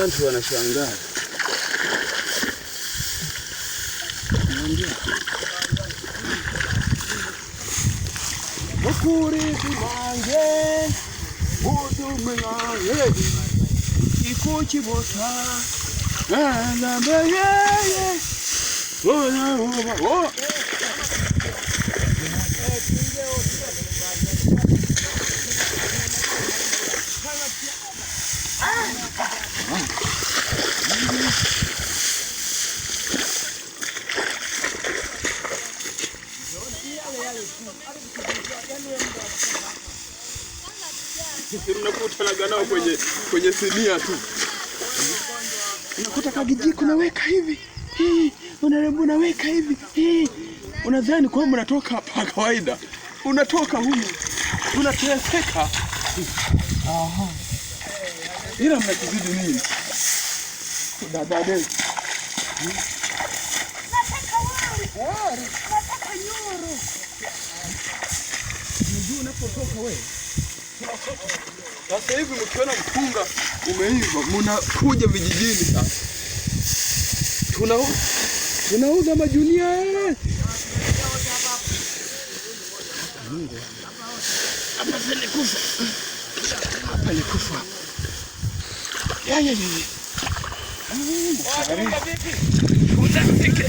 watu wanashangaa. Mukuri kimange udumilange ikuchi bota alambayeye ona que oh Mnakutanaga nao kwenye kwenye sinia tu, unakuta kagijiko naweka hivi, unarabu naweka hivi, unadhani kwamba unatoka hapa kawaida, unatoka humu unateseka, ila mnakizidi nini dada. Wewe unataka nyoro. Unajua unapotoka wewe. Sasa hivi mkiona mpunga umeiva, mnakuja vijijini sasa. Tunauza tunauza majunia yale. Hapa ni kufa. Hapa ni kufa. Ya ya ya. Unataka vipi? Unataka vipi?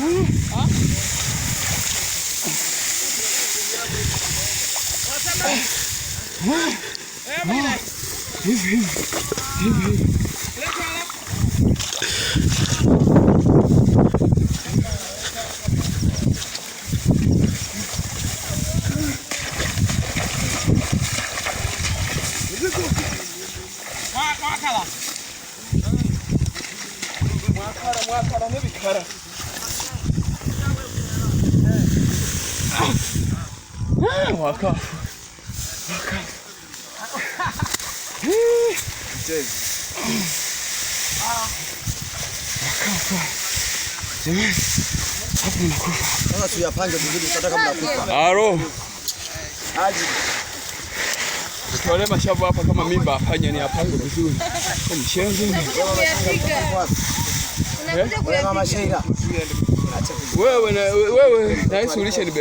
Kara, kara, kara, ne bir kara. Wakafu. Wakafu. Wale mashavu hapa kama mimba afanye ni apange vizuri. Eh? Wewe na wewe na ulishe